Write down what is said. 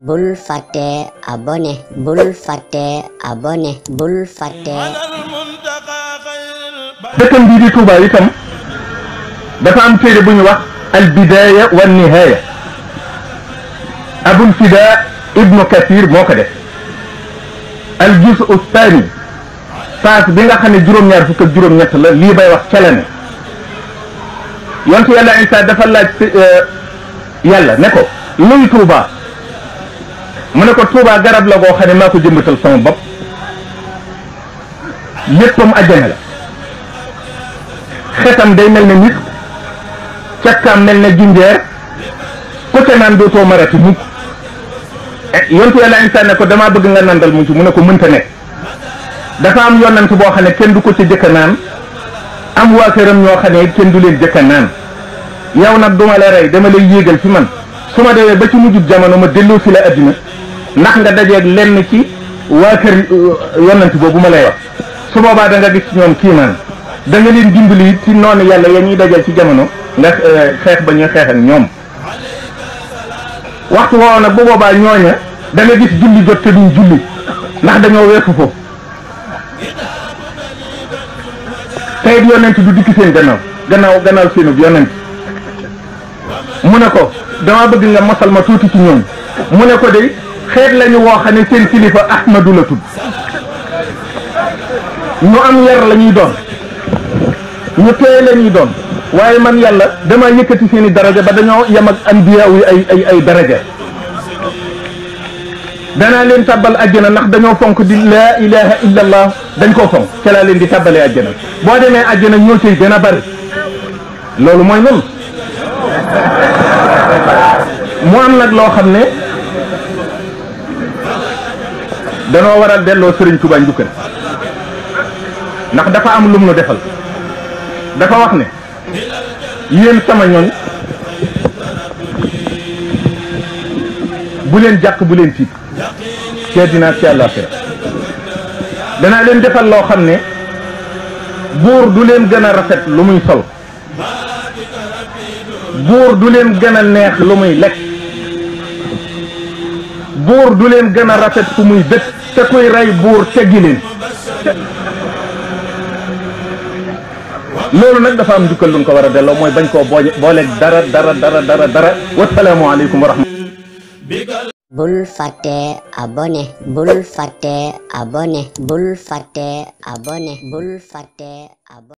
bul fàtte abonné bul fàtte abonné bul fàtte. dëkkam bii di Touba itam dafa am téere bu ñu wax al bidaya wa nihaya abul fida ibnu kasir moo ko def al juz u thani paas bi nga xam ne juróom-ñaar fukk ak juróom-ñett la lii bay wax ca la ne yontu yàlla Isa dafa laaj euh, yàlla ne ko luy Touba. mu ne ko Touba garab la goo xam ne maa ko jëmbatal sama bopp léppam ajjana la xetam day mel ne nit càkkaam mel ne junjeer côté naan dootoo marati mukk eh, yontu yàlla insaan ne ko damaa bëgg nga nandal mu ci ne ko mënta nekk dafa am yonant boo xam ne kenn du ko ci jëkka naan am waa këram ñoo xam ne kenn du leen jëkka naan yow nag duma la rey dama lay yéegal ci man su ma demee ba ci mujjub jamono ma delloo si la addina ndax nga dajeeg lenn ci waa kër uh, yonent boobu ma lay wax su boobaa da nga gis ñoom kiimaan da nga leen dimbali ci noonu yàlla ya ñuy dajal ci jamono nga uh, xeex ba ñuy xeex ak ñoom waxtu woowu nag bu boobaa ñooña da nga gis julli jot te duñ julli ndax dañoo weesu ko tey it yonent du dikk seen gannaaw gannaaw gannaaw seenub yonent mu ne ko dama bëgg nga mosal ma tuuti ci ñoom mu ne ko de xeet lañu woo xam ne seen kilifa Ahmadu la tudd ñu am yar la ñuy doon ñu tooy la ñuy doon waaye man yàlla dama yëkkati seen daraja ba dañoo yem ak anbiya ay ay ay daraja danaa leen tàbbal àjjana ndax dañoo fonk di laa ilaha illa dañ koo fonk ca laa leen di tàbbalee àjjana boo demee àjjana ñoo cay gën a bari loolu mooy noonu mu am nag loo xam ne danoo war a delloo Serigne Touba njukkal ndax dafa am lum nu defal dafa wax ne yéen sama ñooñ bu leen jàkk bu leen tiit ci dinaa ci àllaaxira danaa leen defal loo xam ne buur du leen gën a rafet lu muy sol buur du leen gën a neex lu muy lekk buur du leen gën a rafet fu muy bët te kuy rey buur teggi leen loolu nag dafa am njukkal lu ñu ko war a delloo mooy bañ koo booñe booleeg dara dara dara dara dara wasalaamualeykum wa rahmatulah. bul fàtte abonné bul fàtte abonné bul